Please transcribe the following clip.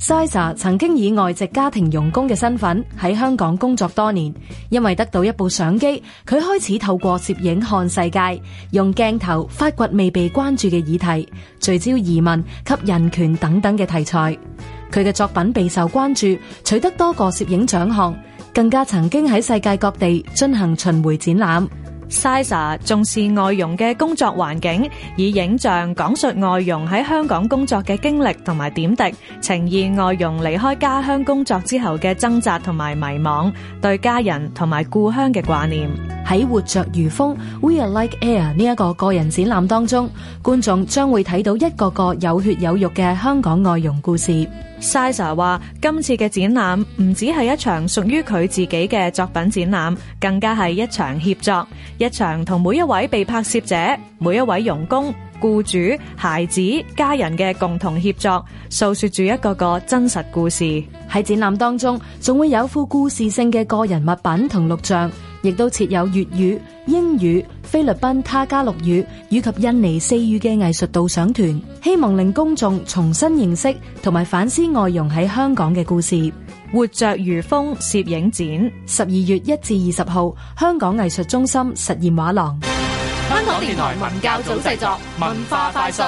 s i y a 曾經以外籍家庭傭工嘅身份喺香港工作多年，因為得到一部相機，佢開始透過攝影看世界，用鏡頭發掘未被關注嘅議題，聚焦移民及人權等等嘅題材。佢嘅作品備受關注，取得多個攝影獎項，更加曾經喺世界各地進行巡迴展覽。Sizer 重視外傭嘅工作環境，以影像講述外傭喺香港工作嘅經歷同埋點滴，呈現外傭離開家鄉工作之後嘅掙扎同埋迷茫，對家人同埋故鄉嘅掛念。喺活着如風，We Are Like Air 呢一個個人展覽當中，觀眾將會睇到一個個有血有肉嘅香港外傭故事。Sisa 話：今次嘅展覽唔只係一場屬於佢自己嘅作品展覽，更加係一場協作，一場同每一位被拍攝者、每一位傭工、僱主、孩子、家人嘅共同協作，訴說住一個個真實故事。喺展覽當中，仲會有副故事性嘅個人物品同錄像，亦都設有粵語、英語、菲律賓他加祿語以及印尼四語嘅藝術導賞團，希望令公眾重新認識同埋反思外傭喺香港嘅故事。《活着如風》攝影展，十二月一至二十號，香港藝術中心實驗畫廊。香港電台文教組製作《文化快訊》。